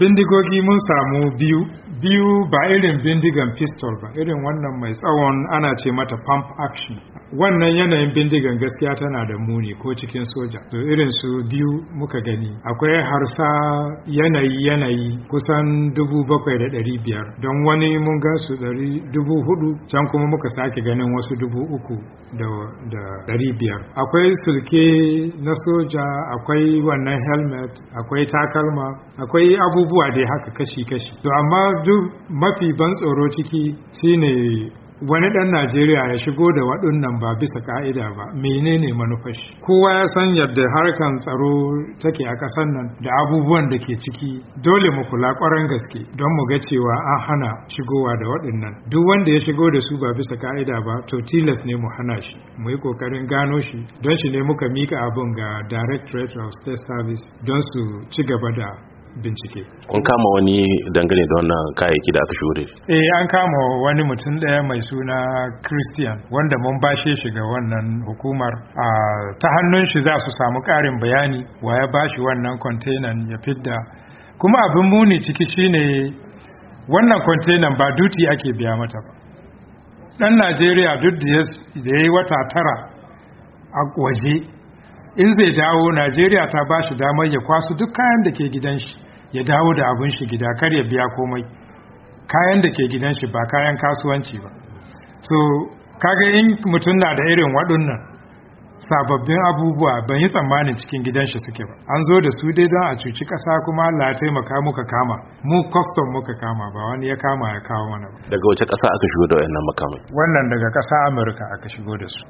bindigogi mun samu biyu biyu ba irin bindigan pistol ba irin wannan mai tsawon ana ce mata pump action wannan yanayin bindigan gaskiya tana da muni ko cikin soja to irin su biyu muka gani akwai harsa yanayi yanayi kusan dubu bakwai da ɗari biyar don wani mun ga su dubu hudu can kuma muka sake ganin wasu dubu uku da ɗari biyar akwai sulke na soja akwai wannan helmet akwai takalma akwai abubuwa dai haka kashi-kashi to amma duk mafi ban tsoro ciki shine wani ɗan Najeriya ya shigo da waɗannan ba bisa ka'ida ba menene manufashi kowa ya san yadda harkan tsaro take a ƙasar nan da abubuwan da ke ciki dole mu kula ƙwarar gaske don mu ga cewa an hana shigowa da waɗannan duk wanda ya shigo da su ba bisa ka'ida ba to tilas ne mu hana shi mu yi ƙoƙarin gano shi don shi ne muka mika abin ga Directorate of State Service don su ci gaba da bincike kun kama wani dangane da wannan kayayyaki da aka shure eh an kama wani mutum ɗaya mai suna christian wanda mun bashe shi ga wannan hukumar a ta hannun shi za su samu karin bayani wa ya bashi wannan kwantenan ya fidda kuma abin muni ciki shine wannan kwantenan ba duti ake biya mata ba dan najeriya duk da ya yi wata tara a waje in zai dawo najeriya ta ba shi damar ya kwasu duk kayan da ke gidan shi ya dawo da abun shi gida kar ya biya komai kayan da ke gidan shi ba kayan kasuwanci ba so kaga in mutum na da irin waɗannan sababbin abubuwa ban yi tsammanin cikin gidan shi suke ba an zo da su dai don a cuci ƙasa kuma Allah ya taimaka muka kama mu custom muka kama ba wani ya kama ya kawo mana ba daga wace ƙasa aka shigo da wannan makamai wannan daga ƙasa Amurka aka shigo da su